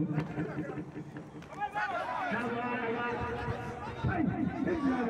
は い